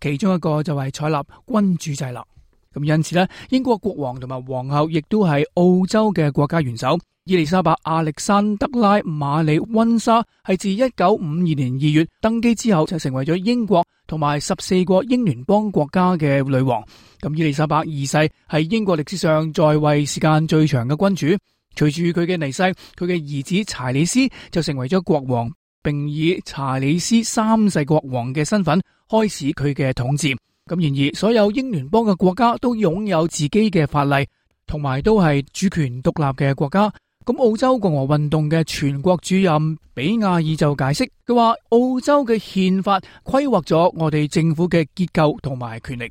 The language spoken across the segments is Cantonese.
其中一個就係採納君主制啦，咁因此呢英國國王同埋皇后亦都係澳洲嘅國家元首。伊利沙伯、亞歷山德拉、瑪麗温莎係自一九五二年二月登基之後，就成為咗英國同埋十四個英聯邦國家嘅女王。咁伊利沙伯二世係英國歷史上在位時間最長嘅君主。隨住佢嘅離世，佢嘅兒子查理斯就成為咗國王。並以查理斯三世國王嘅身份開始佢嘅統治。咁然而，所有英聯邦嘅國家都擁有自己嘅法例，同埋都係主權獨立嘅國家。咁澳洲共和運動嘅全國主任比亞爾就解釋，佢話澳洲嘅憲法規劃咗我哋政府嘅結構同埋權力。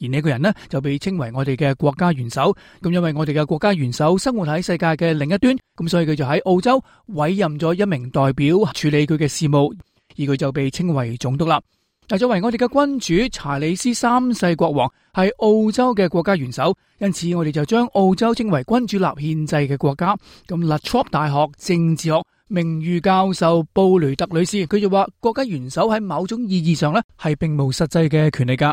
而呢個人呢，就被稱為我哋嘅國家元首。咁因為我哋嘅國家元首生活喺世界嘅另一端，咁所以佢就喺澳洲委任咗一名代表處理佢嘅事務，而佢就被稱為總督啦。但作為我哋嘅君主查理斯三世國王係澳洲嘅國家元首，因此我哋就將澳洲稱為君主立憲制嘅國家。咁拉籌伯大學政治學名譽教授布雷特女士，佢就話國家元首喺某種意義上呢，係並無實際嘅權力噶。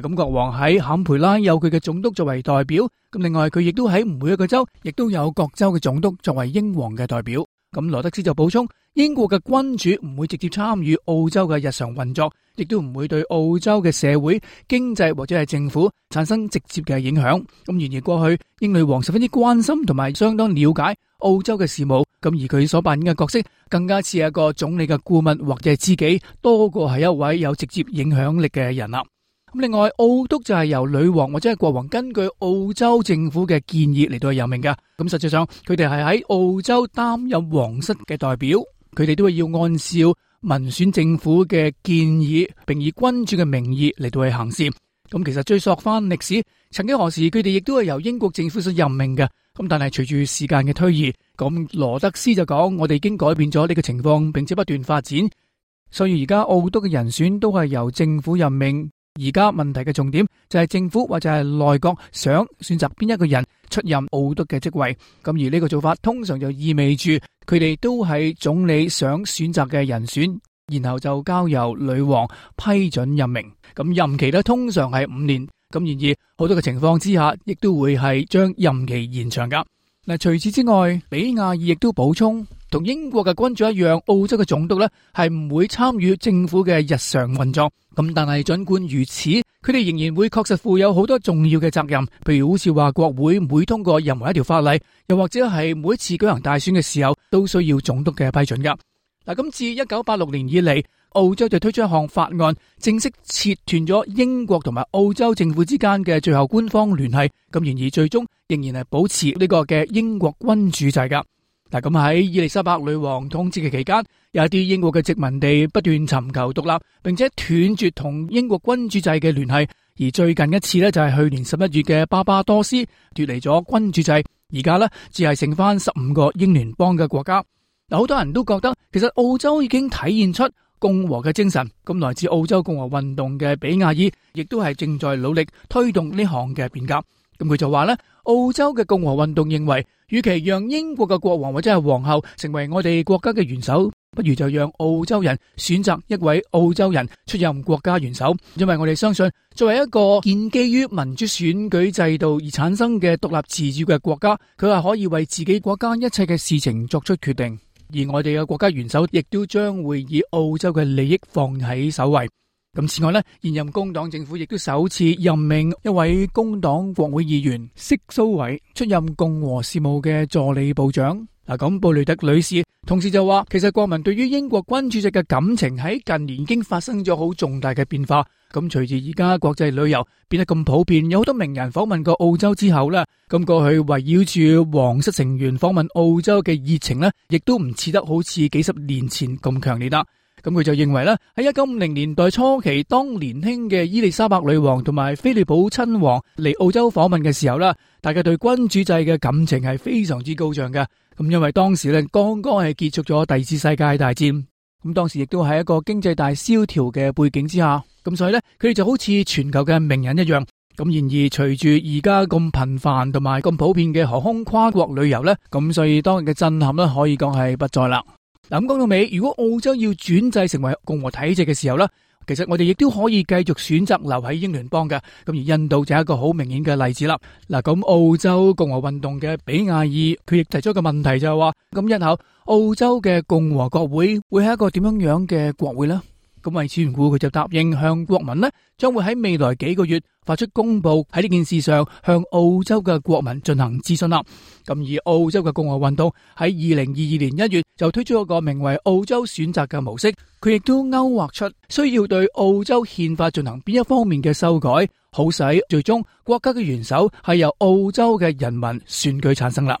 咁國王喺坎培拉有佢嘅總督作為代表，咁另外佢亦都喺每一個州，亦都有各州嘅總督作為英皇嘅代表。咁羅德斯就補充，英國嘅君主唔會直接參與澳洲嘅日常運作，亦都唔會對澳洲嘅社會、經濟或者係政府產生直接嘅影響。咁然而過去英女王十分之關心同埋相當了解澳洲嘅事務，咁而佢所扮演嘅角色更加似一個總理嘅顧問或者係自己，多過係一位有直接影響力嘅人啦。另外，澳督就係由女王或者係國王根據澳洲政府嘅建議嚟到去任命㗎。咁實際上，佢哋係喺澳洲擔任皇室嘅代表，佢哋都係要按照民選政府嘅建議，並以君主嘅名義嚟到去行事。咁其實追溯翻歷史，曾幾何時佢哋亦都係由英國政府所任命嘅。咁但係隨住時間嘅推移，咁羅德斯就講：我哋已經改變咗呢個情況，並且不斷發展，所以而家澳督嘅人選都係由政府任命。而家問題嘅重點就係政府或者係內閣想選擇邊一個人出任澳督嘅職位咁，而呢個做法通常就意味住佢哋都係總理想選擇嘅人選，然後就交由女王批准任命咁任期咧，通常係五年咁然而好多嘅情況之下，亦都會係將任期延長噶嗱。除此之外，比亞爾亦都補充。同英國嘅君主一樣，澳洲嘅總督呢係唔會參與政府嘅日常運作。咁但係盡管如此，佢哋仍然會確實負有好多重要嘅責任，譬如好似話國會唔會通過任何一條法例，又或者係每次舉行大選嘅時候都需要總督嘅批准噶。嗱，咁自一九八六年以嚟，澳洲就推出一項法案，正式切斷咗英國同埋澳洲政府之間嘅最後官方聯繫。咁然而最終仍然係保持呢個嘅英國君主制噶。嗱，咁喺伊利沙伯女王統治嘅期間，有一啲英國嘅殖民地不斷尋求獨立，並且斷絕同英國君主制嘅聯繫。而最近一次呢，就係去年十一月嘅巴巴多斯脫離咗君主制。而家呢，只係剩翻十五個英聯邦嘅國家。好多人都覺得其實澳洲已經體現出共和嘅精神。咁來自澳洲共和運動嘅比亞爾，亦都係正在努力推動呢項嘅變革。咁佢就話啦。澳洲嘅共和運動認為，與其讓英國嘅國王或者係皇后成為我哋國家嘅元首，不如就讓澳洲人選擇一位澳洲人出任國家元首，因為我哋相信，作為一個建基於民主選舉制度而產生嘅獨立自主嘅國家，佢係可以為自己國家一切嘅事情作出決定，而我哋嘅國家元首亦都將會以澳洲嘅利益，放喺首位。咁此外呢，現任工黨政府亦都首次任命一位工黨國會議員色蘇偉出任共和事務嘅助理部長。嗱，咁布雷德女士同時就話，其實國民對於英國君主制嘅感情喺近年已經發生咗好重大嘅變化。咁，隨住而家國際旅遊變得咁普遍，有好多名人訪問過澳洲之後呢，咁過去圍繞住皇室成員訪問澳洲嘅熱情呢，亦都唔似得好似幾十年前咁強烈啦。咁佢就認為咧，喺一九五零年代初期，當年輕嘅伊利沙伯女王同埋菲利普親王嚟澳洲訪問嘅時候啦，大家對君主制嘅感情係非常之高漲嘅。咁因為當時呢，剛剛係結束咗第二次世界大戰，咁當時亦都係一個經濟大蕭條嘅背景之下，咁所以呢，佢哋就好似全球嘅名人一樣。咁然而隨住而家咁頻繁同埋咁普遍嘅航空跨國旅遊呢，咁所以當日嘅震撼呢，可以講係不再啦。咁講到尾，如果澳洲要轉制成為共和體制嘅時候呢，其實我哋亦都可以繼續選擇留喺英聯邦嘅。咁而印度就係一個好明顯嘅例子啦。嗱，咁澳洲共和運動嘅比亞爾佢亦提出一個問題就係話，「咁日後澳洲嘅共和國會會係一個點樣樣嘅國會呢？」咁為此緣故佢就答應向國民呢，將會喺未來幾個月發出公布，喺呢件事上向澳洲嘅國民進行諮詢啦。咁而澳洲嘅共和運動喺二零二二年一月就推出一個名為澳洲選擇嘅模式，佢亦都勾畫出需要對澳洲憲法進行邊一方面嘅修改好使，最終國家嘅元首係由澳洲嘅人民選舉產生啦。